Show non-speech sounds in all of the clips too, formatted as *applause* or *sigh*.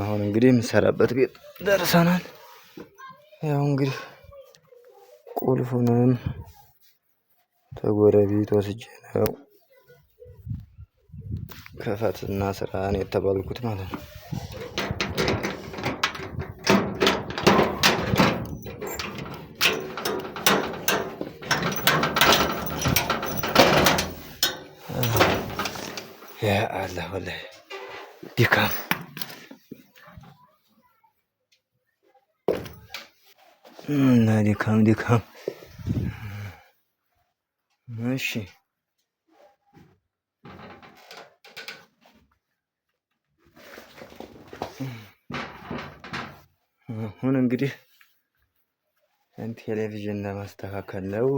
አሁን እንግዲህ የምሰራበት ቤት ደርሰናል። ያው እንግዲህ ቁልፉንም ተጎረቤት ወስጄ ነው ክፈትና ስራን የተባልኩት ማለት ነው። ያ አላህ ወላሂ ዲካም እና ድካም ድካም። እሺ አሁን እንግዲህ ቴሌቪዥን ለማስተካከል ነው።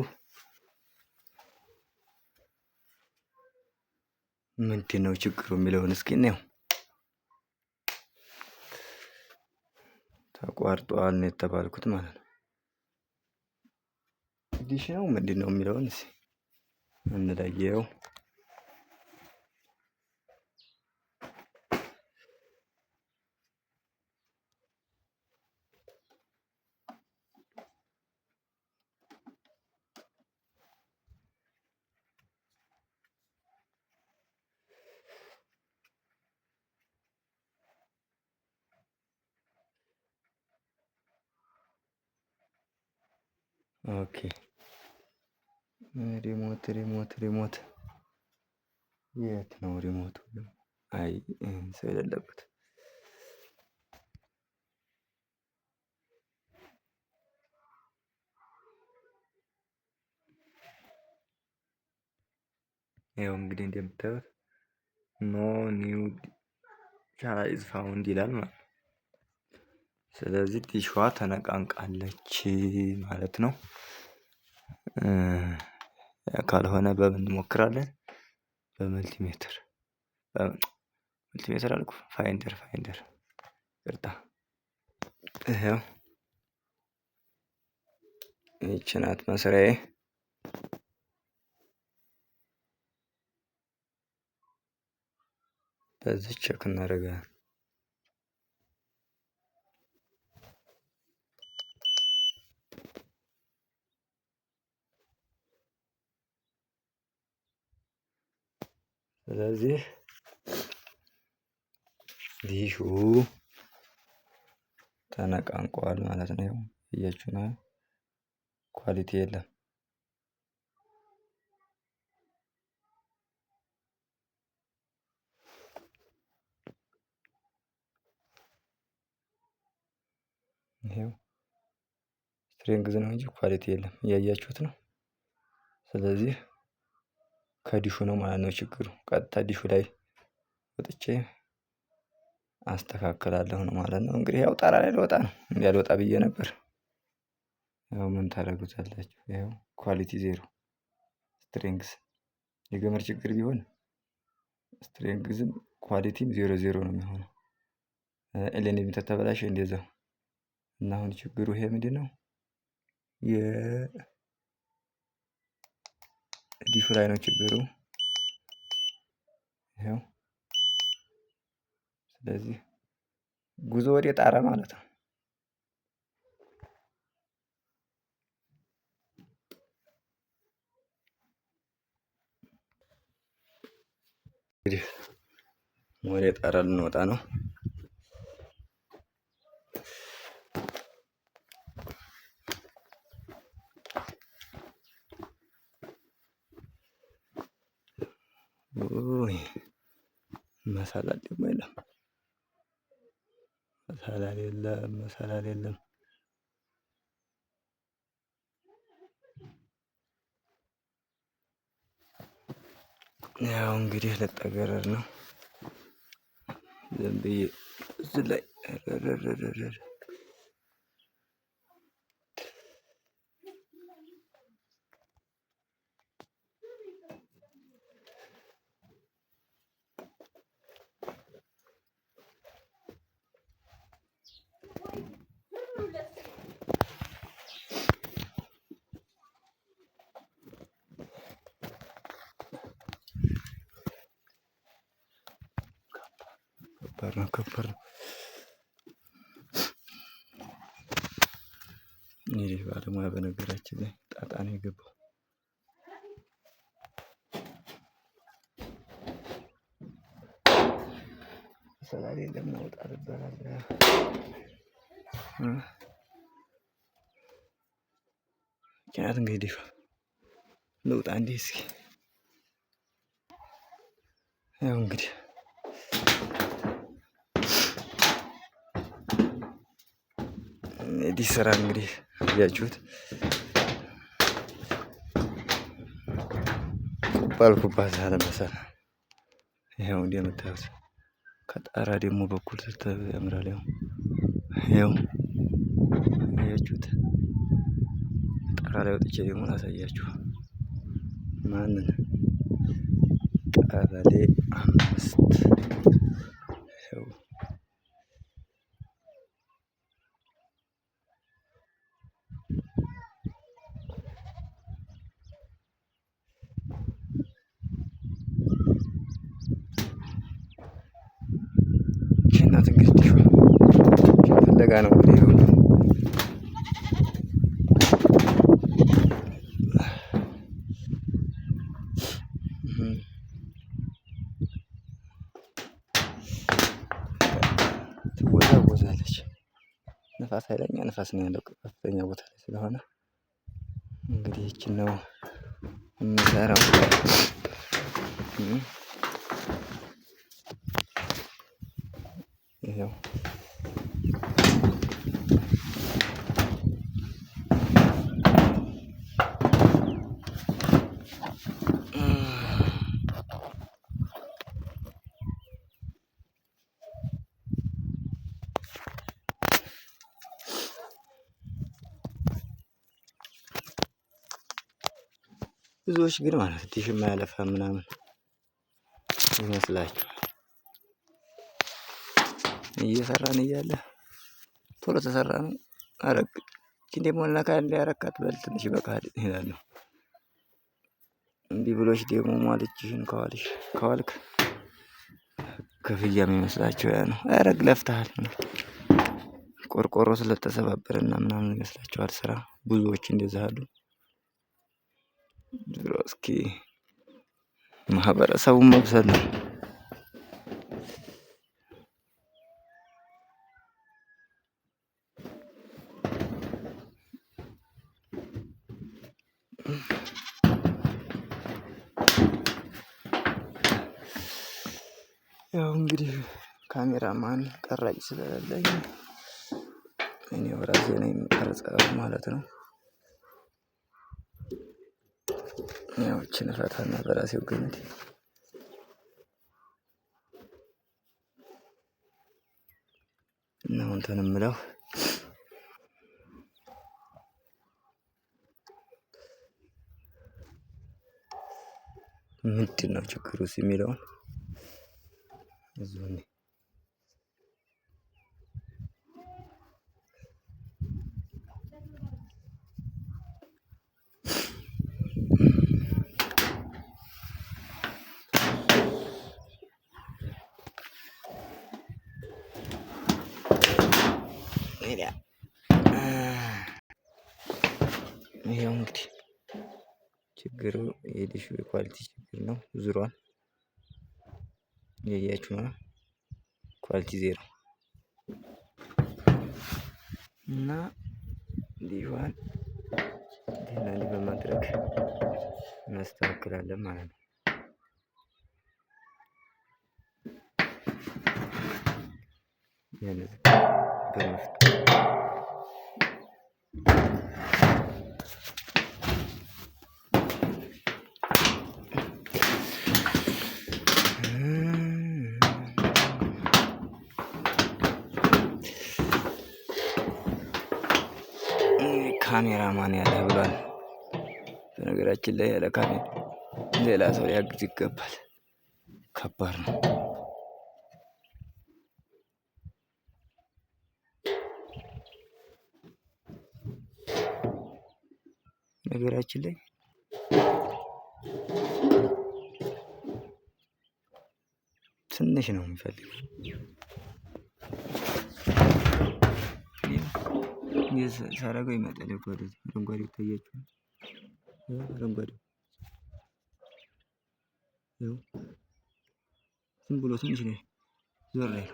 ምንድን ነው ችግሩ የሚለውን እስኪ እናየው። ተቋርጧል ነው የተባልኩት ማለት ነው። ዲሽ ነው ምንድነው የሚለውን እስኪ እንለየው። ኦኬ ሪሞት ሪሞት ሪሞት የት ነው ሪሞቱ? አይ ሰው የሌለበት ይኸው እንግዲህ እንደምታዩት ኖ ኒው ቻናል ኢዝ ፋውንድ ይላል ማለት ነው። ስለዚህ ጢሿ ተነቃንቃለች ማለት ነው። ካልሆነ በምን እንሞክራለን? በመልቲሜትር መልቲሜትር አልኩ ፋይንደር ፋይንደር ይቅርታ ይኸው ይቺ ናት መስሪያዬ። በዚህ ቼክ እናደርጋለን። ስለዚህ ዲሹ ተነቃንቋል ማለት ነው። እያችሁ ነው፣ ኳሊቲ የለም። ይሄው ስትሪንግዝ ነው እንጂ ኳሊቲ የለም። እያያችሁት ነው። ስለዚህ ከዲሹ ነው ማለት ነው ችግሩ ቀጥታ ዲሹ ላይ ወጥቼ አስተካክላለሁ ነው ማለት ነው። እንግዲህ ያው ጣራ ላይ ልወጣ ነው ልወጣ ብዬ ነበር። ያው ምን ታደርጉታላችሁ? ያው ኳሊቲ ዜሮ ስትሪንግስ የገመድ ችግር ቢሆን ስትሪንግዝም ኳሊቲም ዜሮ ዜሮ ነው የሚሆነው። ኤሌን የሚተተበላሽ እንደዛው እና አሁን ችግሩ ይሄ ምንድነው? የ ዲሹ ላይ ነው ችግሩ። ይኸው ስለዚህ ጉዞ ወደ ጣራ ማለት ነው። እንግዲህ ወደ ጣራ ልንወጣ ነው። ውይ መሰላል ደግሞ የለም። መሰላል የለም። መሰላል የለም። ያው እንግዲህ ልጠገረር ነው። ዝም ብዬ እዚህ ላይ የልጅ ባለሙያ በነገራችን ላይ ጣጣ ነው የገባው። ሰላሌ ለምን አወጣ ምክንያት እንግዲህ ልውጣ እንዴ እስኪ ያው እንግዲህ እዲህ ስራ እንግዲህ ያችሁት ባልኩባት አለመሰል ይኸው እንደምታዩት ከጣራ ደግሞ በኩል ስተ ያምራል። ያው ይኸው ያችሁት ጣራ ላይ ወጥቼ ደግሞ ላሳያችሁ ማንን ቀበሌ አምስት እናት እንግዲህ ፍለጋ ነው እንግዲህ ትወዛወዛለች። ነፋስ ኃይለኛ ነፋስ ነው ያለው ከፍተኛ ቦታ ላይ ስለሆነ እንግዲህ ይችን ነው የምሰራው። Ayan. ብዙዎች ግን ማለት ትሽ የማያለፋ ምናምን ይመስላችኋል። እየሰራን እያለ ቶሎ ተሰራ ተሰራን አረግ ይቺን ደግሞ ነካ ያረካት በል ትንሽ ይበቃሃል ይላሉ። እምቢ ብሎች ደግሞ ማለች ሟልችሽን ከዋልሽ ከዋልክ ክፍያ የሚመስላቸው ያ ነው አረግ ለፍተሃል። ቆርቆሮ ስለተሰባበረና ምናምን ይመስላቸዋል ስራ ብዙዎች እንደዛ አሉ። ዙሮ እስኪ ማህበረሰቡን መብሰል ነው። ያው እንግዲህ ካሜራማን ቀራጭ ስለሌለኝ እኔ በራሴ ነኝ የምቀርጸው ማለት ነው። ያው ይቺን እፈታና በራሴው ገመድ ነው እንትን የምለው ነው ችግሩስ የሚለውን yazıyor Mira. ይሄ እንግዲህ ችግሩ የዲሽ ኳሊቲ ችግር ነው። ዙሯል እያያችሁ ነው። ኳሊቲ ዜሮ እና ዲቫን ዲና በማድረግ እናስተካክላለን ማለት ነው። ያንን በመፍጠር ካሜራ ማን ያለ ብሏል። በነገራችን ላይ ያለ ካሜራ ሌላ ሰው ሊያግዝ ይገባል። ከባድ ነው። ነገራችን ላይ ትንሽ ነው የሚፈልገው። ሳረገው ይመጣል ወደዚህ አረንጓዴው ይታያችኋል። አረንጓዴው ይኸው ዝም ብሎ ትንሽ ነው ዞር ላይ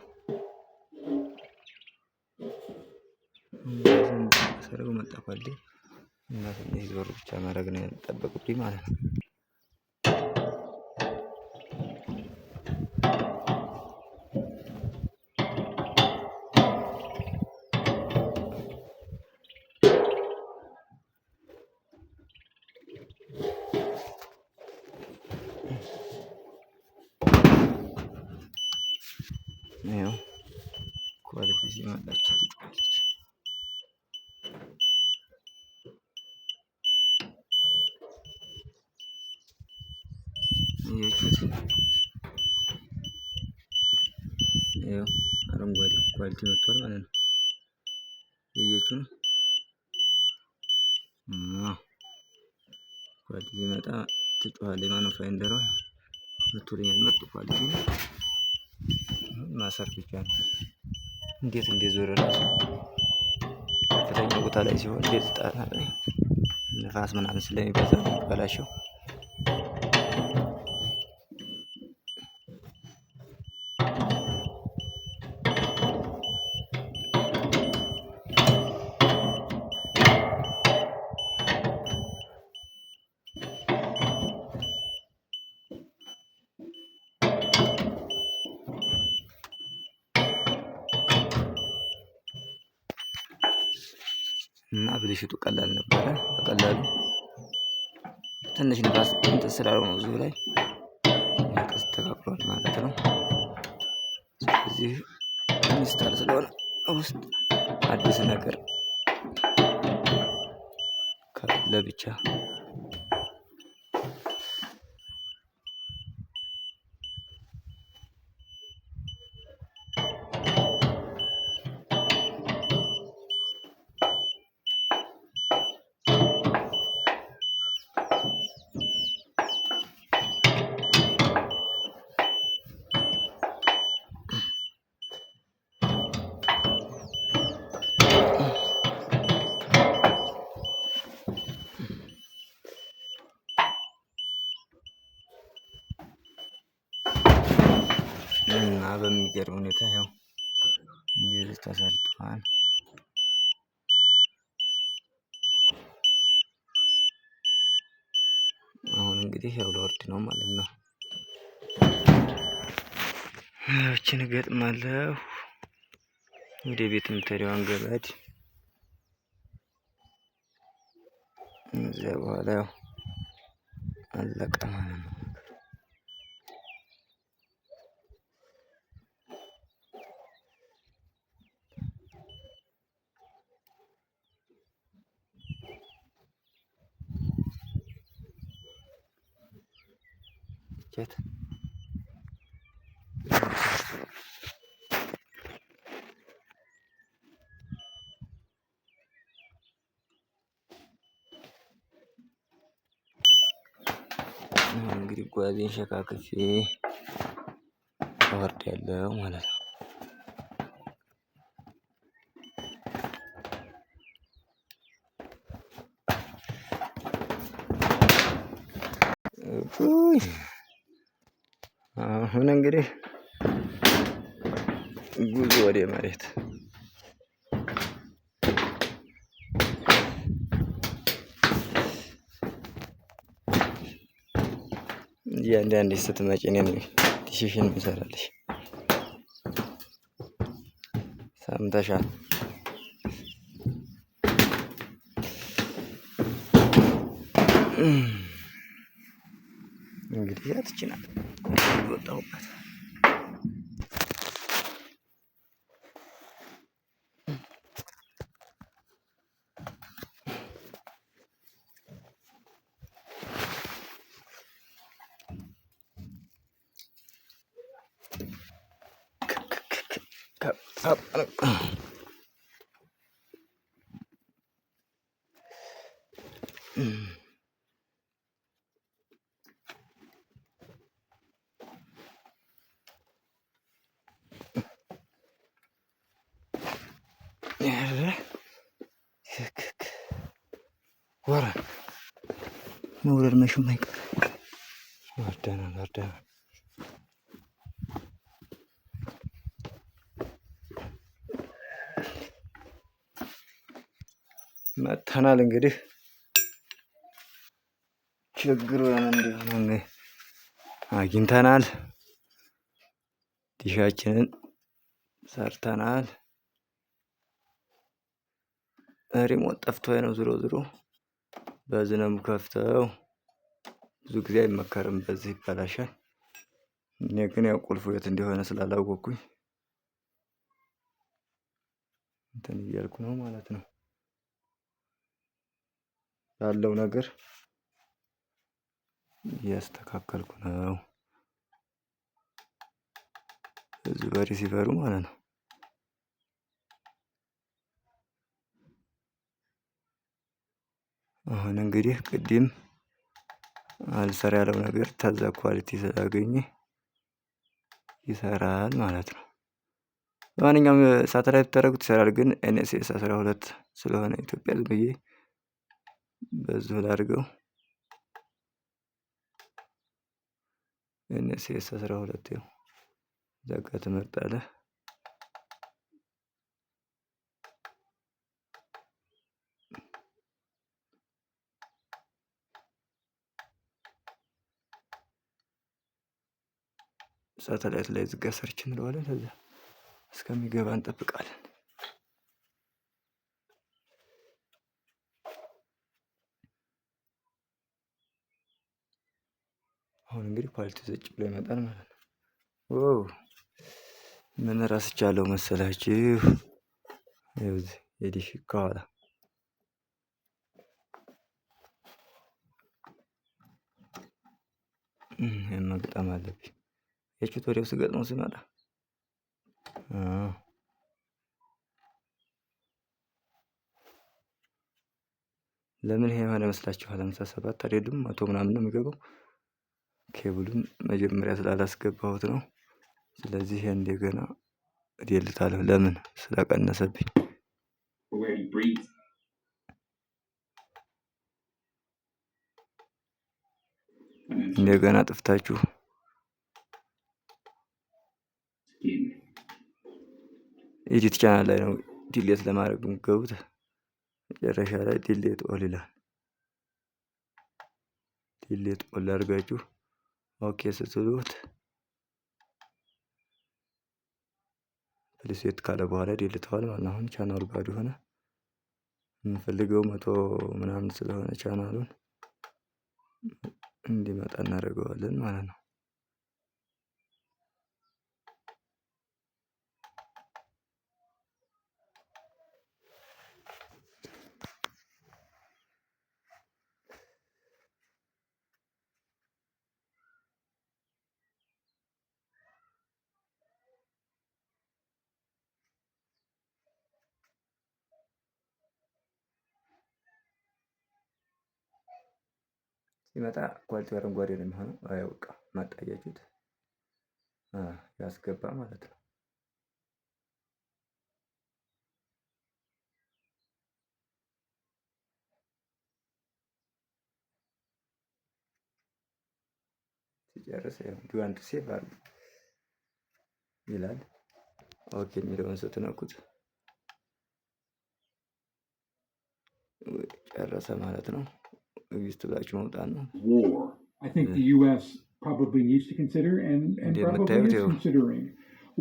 ሳረገው መጣ ኳል እና ትንሽ ዞር ብቻ ማድረግ ነው የሚጠበቅብኝ ማለት ነው። ይኸው ኳሊቲ ሲመጣቸው ትጫዋለች። ይኸው አረንጓዴ ኳሊቲ መጥቷል ማለት ነው። እየችው ነው ኳሊቲ ሲመጣ ማለት ነው። ፋይንደሯ መቶልኛል መጡ ኳሊቲ ብቻ ነው እንዴት እንደዞረ ራሱ ከፍተኛ ቦታ ላይ ሲሆን እንዴት ጣታ ላይ ንፋስ ምናምን ስለሚበዛ ይበላሸው ስላለው ነው እዚሁ ላይ ቀስ ተካክሏል ማለት ነው። ስለዚህ ኢንስታል ስለሆነ ውስጥ አዲስ ነገር ለብቻ እና በሚገርም ሁኔታ ያው እንደዚህ ተሰርቷል። አሁን እንግዲህ ያው ለወርድ ነው ማለት ነው። ያችን ገጥማለሁ ወደ ቤት የምትሄደዋን ገበድ እዚያ በኋላ ያው አለቀ ማለት ነው። Chết. እንግዲህ ጓዜን ሸካክፌ ወርድ ያለው ማለት ነው። Ui. አሁን እንግዲህ ጉዞ ወደ መሬት እያንዳንዴ ስትመጪ እኔን ዲሲሽን ምሰራለሽ ሰምተሻል። እንግዲህ ያትችናል little dope. Up, up. *clears throat* mm. ወረ መውረድ መሽም አይቀር ወርደናል ወርደናል። መጥተናል እንግዲህ ችግሩ እንደሆነ አግኝተናል። ዲሻችንን ሰርተናል። ሪሞት ጠፍቶ ነው ዞሮ ዞሮ በዚህ ነው የምከፍተው። ብዙ ጊዜ አይመከርም፣ በዚህ ይበላሻል። እኔ ግን ያው ቁልፉ የት እንደሆነ ስላላወቅኩኝ እንትን እያልኩ ነው ማለት ነው ያለው ነገር እያስተካከልኩ ነው። እዚህ በሪሲቨሩ ማለት ነው። አሁን እንግዲህ ቅድም አልሰራ ያለው ነገር ታዛ ኳሊቲ ስላገኘ ይሰራል ማለት ነው። ለማንኛውም ሳተላይት ተደረጉት ይሰራል፣ ግን ኤንኤስኤስ 12 ስለሆነ ኢትዮጵያ ዝም ብዬ በዚሁ ላድርገው። ኤንኤስኤስ 12 ያው ዘጋ ትመርጣለህ። ሳተላይት ላይ ዝጋ ሰርች እንለዋለን። ከዛ እስከሚገባ እንጠብቃለን። አሁን እንግዲህ ኳሊቲ ዘጭ ብሎ ይመጣል ማለት ነው። ዋው ምን ረስቻለሁ መሰላችሁ? ይኸውልህ የዲሽ ከኋላ መግጠም አለብኝ። የችት ወዲያው ስገጥመው ሲመጣ ለምን ይሄ የሆነ ይመስላችኋል ሃምሳ ሰባት አይደሉም መቶ ምናምን ነው የሚገባው። ኬብሉም መጀመሪያ ስላላስገባሁት ነው። ስለዚህ ይሄ እንደገና እደልታለሁ። ለምን ስለቀነሰብኝ እንደገና ጥፍታችሁ ኤዲት ቻናል ላይ ነው ዲሌት ለማድረግ ገቡት መጨረሻ ላይ ዲሌት ኦል ይላል። ዲሌት ኦል አድርጋችሁ ኦኬ ስትሉት ሪሴት ካለ በኋላ ዲሌተዋል ማለት ነው። አሁን ቻናሉ ባዶ ሆነ። የምንፈልገው መቶ ምናምን ስለሆነ ቻናሉን እንዲመጣ እናደርገዋለን ማለት ነው። ሲመጣ ኳሊቲው አረንጓዴ ነው የሚሆነው። አያውቃ ማጣያችሁት ያስገባ ማለት ነው። ሲጨርስ ዲዋንድ ሴቭ አሉ ይላል። ኦኬ የሚለውን ስትነኩት ጨረሰ ማለት ነው። መንግስት ብላችሁ መውጣት ነው። war. I think the U.S. probably needs to consider and, and probably is Indemnitario. considering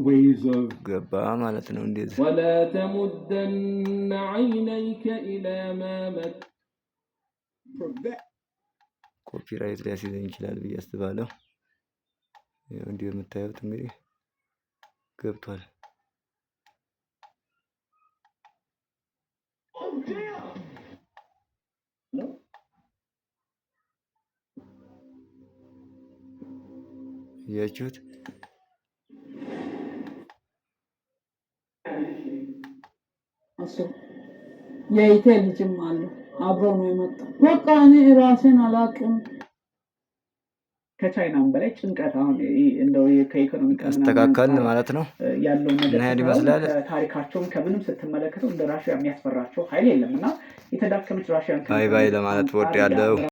ways of ገባ ማለት ነው። እንዴት ولا تمدن عينيك إلى ما مت prevent ኮፒራይት ሊያስይዘኝ ይችላል ብዬ አስባለሁ። ያው እንደምታዩት እንግዲህ ገብቷል። ያችሁት የይቴ ልጅም አለ አብሮ ነው የመጣው። በቃ እኔ ራሴን አላውቅም። ከቻይናም በላይ ጭንቀት አሁን እንደው ከኢኮኖሚ አስተካከል ማለት ነው ያለው ነገር ይመስላል። ታሪካቸውን ከምንም ስትመለከተው እንደ ራሽያ የሚያስፈራቸው ኃይል የለም እና የተዳከመች ራሽያን ባይ ባይ ለማለት ወድ ያለው